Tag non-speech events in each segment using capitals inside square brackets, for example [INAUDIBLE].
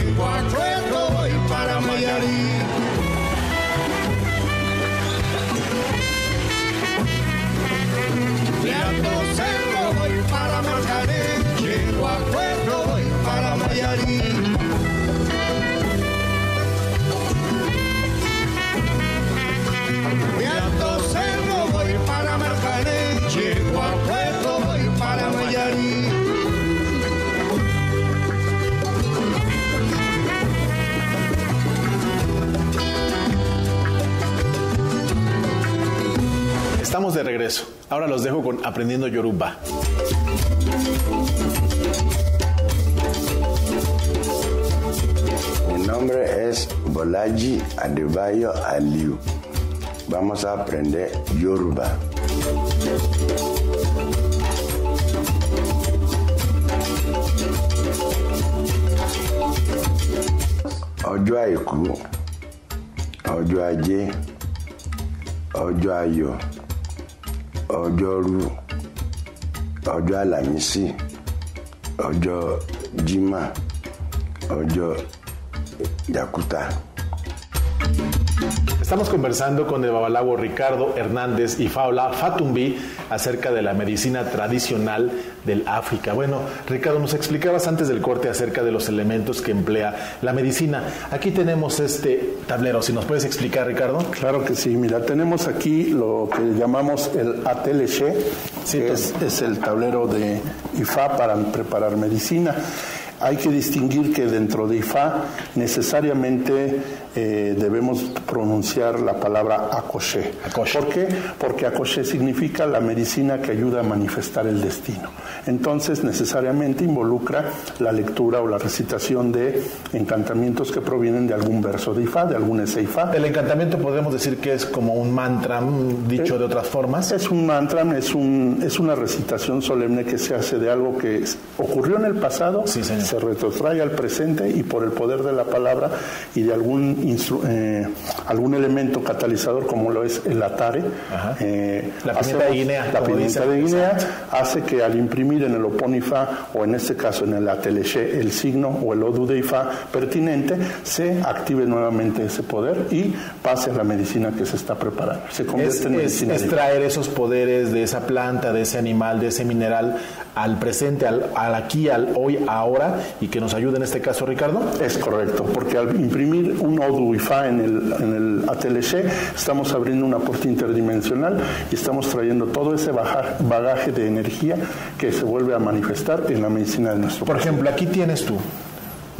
tengo para de regreso. Ahora los dejo con Aprendiendo Yoruba. Mi nombre es Bolaji Adebayo Aliu. Vamos a aprender Yoruba. Ojo aiku, ojo ọjọ́rú ọjọ́ àlàmísì ọjọ́ jímà ọjọ́ jàkúta. thank you Estamos conversando con el babalago Ricardo Hernández y Faula Fatumbi acerca de la medicina tradicional del África. Bueno, Ricardo, nos explicabas antes del corte acerca de los elementos que emplea la medicina. Aquí tenemos este tablero, si nos puedes explicar, Ricardo. Claro que sí, mira, tenemos aquí lo que llamamos el ATLC, que pues. es, es el tablero de IFA para preparar medicina hay que distinguir que dentro de IFA necesariamente eh, debemos pronunciar la palabra akoshe. ¿Por qué? Porque akoshe significa la medicina que ayuda a manifestar el destino. Entonces, necesariamente involucra la lectura o la recitación de encantamientos que provienen de algún verso de Ifá, de algún Ifá. El encantamiento podemos decir que es como un mantra, dicho eh, de otras formas. Es un mantra, es, un, es una recitación solemne que se hace de algo que ocurrió en el pasado, se retrotrae al presente y por el poder de la palabra y de algún eh, algún elemento catalizador como lo es el atare, eh, la pimienta de Guinea, la pimienta de Guinea hace que al imprimir en el oponifa o en este caso en el ateleche el signo o el odudeifa pertinente se active nuevamente ese poder y pase a la medicina que se está preparando. Se convierte en medicina. extraer esos poderes de esa planta, de ese animal, de ese mineral al presente, al, aquí, al hoy, ahora, y que nos ayude en este caso, Ricardo? Es correcto, porque al imprimir un Odu y en el, en estamos abriendo una puerta interdimensional y estamos trayendo todo ese bagaje de energía que se vuelve a manifestar en la medicina de nuestro Por ejemplo, aquí tienes tú,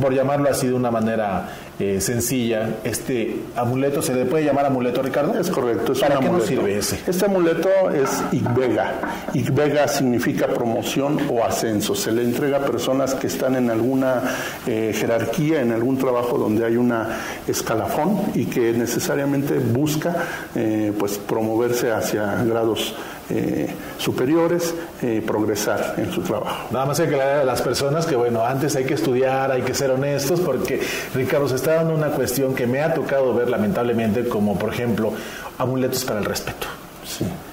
por llamarlo así de una manera eh, sencilla, este amuleto, ¿se le puede llamar amuleto, Ricardo? Es correcto, es ¿Para un amuleto. Nos sirve ese? Este amuleto es Igbega, Igbega significa promoción o ascenso. Se le entrega a personas que están en alguna eh, jerarquía, en algún trabajo donde hay una escalafón y que necesariamente busca eh, pues promoverse hacia grados eh, superiores eh, progresar en su trabajo. Nada más que a las personas que, bueno, antes hay que estudiar, hay que ser honestos, porque Ricardo se está dando una cuestión que me ha tocado ver lamentablemente, como por ejemplo, amuletos para el respeto.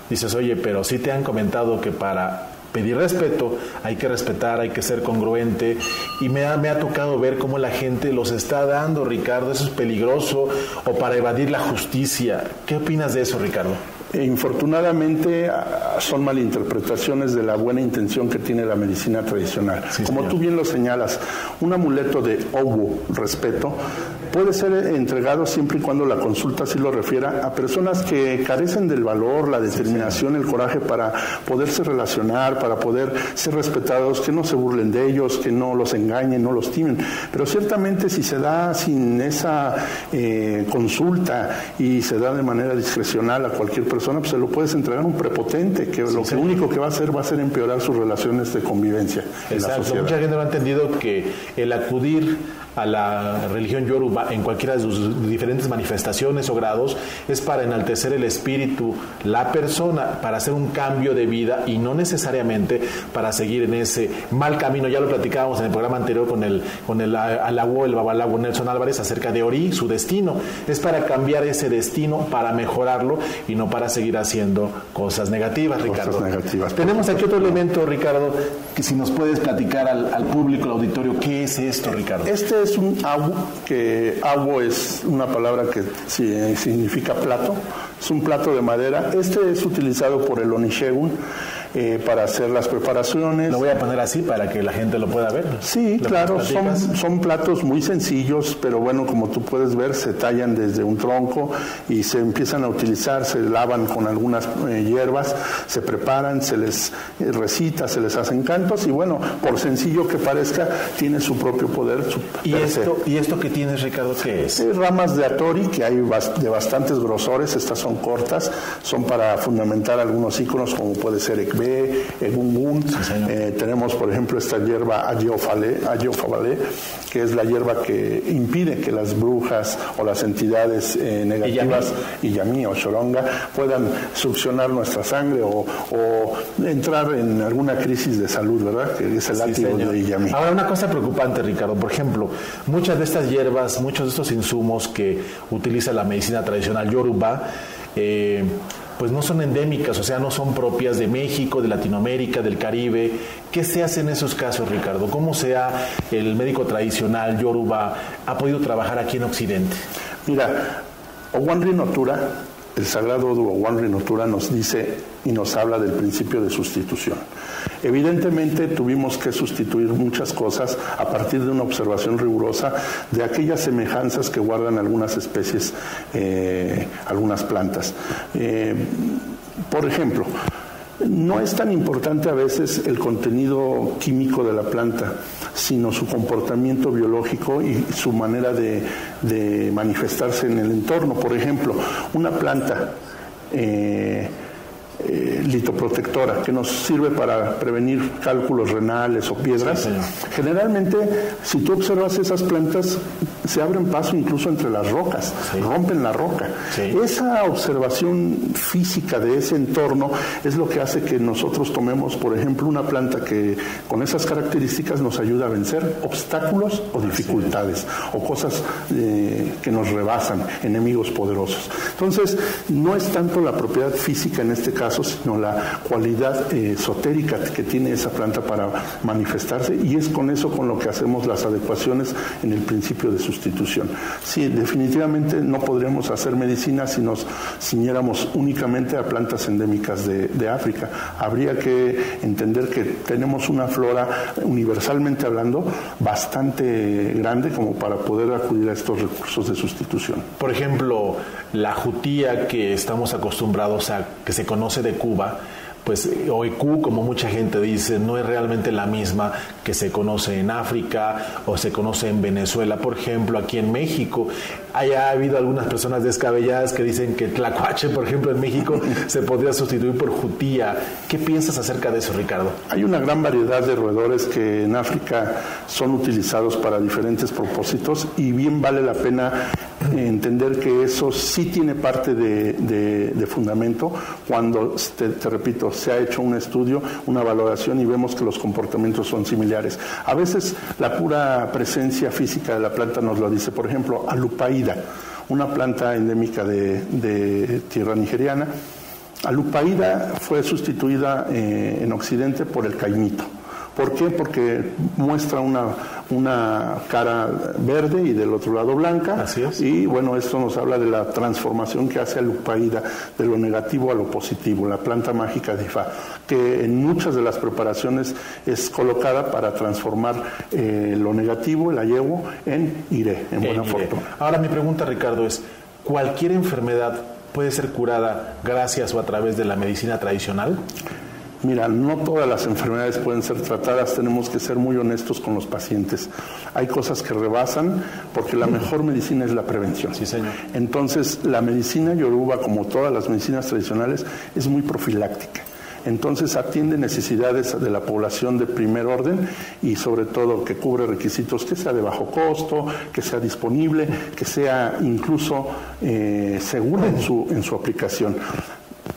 Dices, oye, pero si te han comentado que para pedir respeto, hay que respetar, hay que ser congruente. Y me ha, me ha tocado ver cómo la gente los está dando, Ricardo, eso es peligroso, o para evadir la justicia. ¿Qué opinas de eso, Ricardo? infortunadamente ah, son malinterpretaciones de la buena intención que tiene la medicina tradicional. Como tú bien lo señalas, un amuleto de obo, respeto, puede ser eh, entregado siempre y cuando la consulta sí lo refiera a personas que carecen del valor, la determinación, el coraje para poderse relacionar, para poder ser respetados, que no se burlen de ellos, que no los engañen, no los timen. Pero ciertamente si se da sin esa eh, consulta y se da de manera discrecional a cualquier persona, persona, pues se lo puedes entregar a un prepotente, que lo único que va a hacer va a ser empeorar sus relaciones de convivencia. Exacto. Mucha gente no ha entendido que el acudir a la religión yoruba en cualquiera de sus diferentes manifestaciones o grados es para enaltecer el espíritu, la persona, para hacer un cambio de vida y no necesariamente para seguir en ese mal camino. Ya lo platicábamos en el programa anterior con el, con el huelva el Nelson Álvarez acerca de Ori, su destino. Es para cambiar ese destino, para mejorarlo y no para seguir haciendo cosas negativas, Ricardo. negativas. Tenemos aquí otro elemento, Ricardo, que si nos puedes platicar al, al público, al auditorio, ¿qué es esto, Ricardo? Este es un agua, que agua es una palabra que significa plato, es un plato de madera. Este es utilizado por el Onishegun eh, para hacer las preparaciones. Lo voy a poner así para que la gente lo pueda ver. Sí, claro, son, son platos muy sencillos, pero bueno, como tú puedes ver, se tallan desde un tronco y se empiezan a utilizar, se lavan con algunas eh, hierbas, se preparan, se les eh, recita, se les hacen cantos y bueno, por sencillo que parezca, tiene su propio poder. ¿Y, esto, ¿Y esto que tienes, Ricardo, qué es? ramas de atori, que hay de bastantes grosores, estas son cortas, son para fundamentar algunos iconos, como puede ser en un un eh, tenemos, por ejemplo, esta hierba ayofale, que es la hierba que impide que las brujas o las entidades eh, negativas, y o Cholonga, puedan succionar nuestra sangre o, entrar en alguna crisis de salud, ¿verdad? Que es el látigo de Ahora, una cosa preocupante, Ricardo, por ejemplo, muchas de estas hierbas, muchos de estos insumos que utiliza la medicina tradicional yoruba, eh, pues no son endémicas, o sea, no son propias de México, de Latinoamérica, del Caribe. ¿Qué se hace en esos casos, Ricardo? ¿Cómo sea el médico tradicional yoruba ha podido trabajar aquí en Occidente? Mira, Owanri Notura el sagrado Duowan Rinotura nos dice y nos habla del principio de sustitución. Evidentemente tuvimos que sustituir muchas cosas a partir de una observación rigurosa de aquellas semejanzas que guardan algunas especies, eh, algunas plantas. Eh, por ejemplo, no es tan importante a veces el contenido químico de la planta, sino su comportamiento biológico y su manera de, manifestarse en el entorno. Por ejemplo, una planta eh, eh, litoprotectora que nos sirve para prevenir cálculos renales o piedras, generalmente si tú observas esas plantas se abren paso incluso entre las rocas, rompen la roca. Esa observación física de ese entorno es lo que hace que nosotros tomemos, por ejemplo, una planta que con esas características nos ayuda a vencer obstáculos o dificultades o cosas eh, que nos rebasan, enemigos poderosos. Entonces, no es tanto la propiedad física en este caso, sino la cualidad eh, esotérica que tiene esa planta para manifestarse y es con eso con lo que hacemos las adecuaciones en el principio de sus Sí, definitivamente no podríamos hacer medicina si nos ciñéramos únicamente a plantas endémicas de, de África. Habría que entender que tenemos una flora, universalmente hablando, bastante grande como para poder acudir a estos recursos de sustitución. Por ejemplo, la jutía que estamos acostumbrados a, que se conoce de Cuba, pues OEQ, como mucha gente dice, no es realmente la misma que se conoce en África o se conoce en Venezuela, por ejemplo, aquí en México haya habido algunas personas descabelladas que dicen que tlacuache, por ejemplo, en México [LAUGHS] se podría sustituir por jutía. ¿Qué piensas acerca de eso, Ricardo? Hay una gran variedad de roedores que en África son utilizados para diferentes propósitos y bien vale la pena entender que eso sí tiene parte de, fundamento cuando, te, repito, se ha hecho un estudio, una valoración y vemos que los comportamientos son similares. A veces la pura presencia física de la planta nos lo dice. Por ejemplo, alupaído una planta endémica de, tierra nigeriana. Alupaida fue sustituida eh, en Occidente por el caimito. ¿Por qué? Porque muestra una, cara verde y del otro lado blanca. Así es. Y bueno, esto nos habla de la transformación que hace lupaida, de lo negativo a lo positivo, la planta mágica de fa, que en muchas de las preparaciones es colocada para transformar eh, lo negativo, la llevo en iré, en buena fortuna. Ahora mi pregunta, Ricardo, es, ¿cualquier enfermedad puede ser curada gracias o a través de la medicina tradicional? Mira, no todas las enfermedades pueden ser tratadas, tenemos que ser muy honestos con los pacientes. Hay cosas que rebasan porque la mejor medicina es la prevención. Sí, señor. Entonces, la medicina yoruba, como todas las medicinas tradicionales, es muy profiláctica. Entonces atiende necesidades de la población de primer orden y sobre todo que cubre requisitos que sea de bajo costo, que sea disponible, que sea incluso eh, seguro en su aplicación.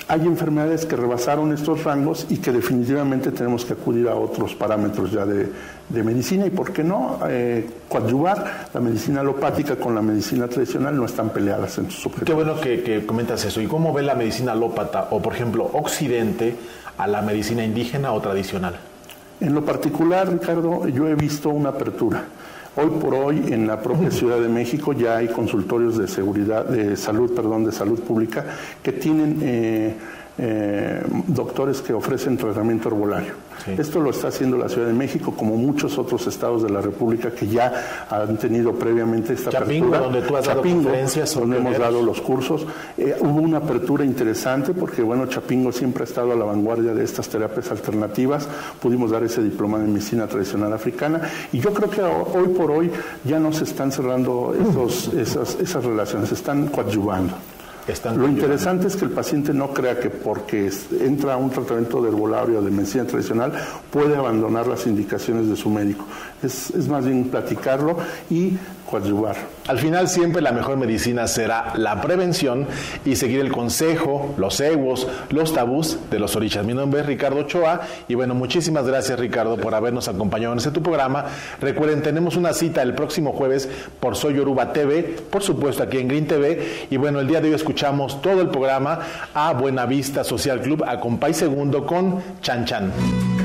Hay enfermedades que rebasaron estos rangos y que definitivamente tenemos que acudir a otros parámetros ya de, medicina y, ¿por qué no?, eh, coadyuvar la medicina alopática con la medicina tradicional, no están peleadas en sus objetivos. Qué bueno que, que comentas eso. ¿Y cómo ve la medicina alópata o, por ejemplo, Occidente a la medicina indígena o tradicional? En lo particular, Ricardo, yo he visto una apertura. Hoy por hoy en la propia Ciudad de México ya hay consultorios de seguridad, de salud, perdón, de salud pública que tienen eh, eh, doctores que ofrecen tratamiento herbolario. Esto lo está haciendo la Ciudad de México, como muchos otros estados de la República que ya han tenido previamente esta Chapingo, donde tú has dado conferencias donde hemos dado los cursos. Eh, hubo una apertura interesante porque, bueno, Chapingo siempre ha estado a la vanguardia de estas terapias alternativas. Pudimos dar ese diploma de medicina tradicional africana y yo creo que hoy por hoy ya no se están cerrando esas, esas relaciones, se están coadyuvando. Lo interesante es que el paciente no crea que porque entra a un tratamiento de herbolario o de medicina tradicional puede abandonar las indicaciones de su médico. es más bien platicarlo y al final siempre la mejor medicina será la prevención y seguir el consejo, los egos, los tabús de los orillas. Mi nombre es Ricardo Ochoa y bueno, muchísimas gracias Ricardo por habernos acompañado en este tu programa. Recuerden, tenemos una cita el próximo jueves por Soy TV, por supuesto aquí en Green TV y bueno, el día de hoy escuchamos todo el programa a Buenavista Social Club a Compay Segundo con Chan Chan.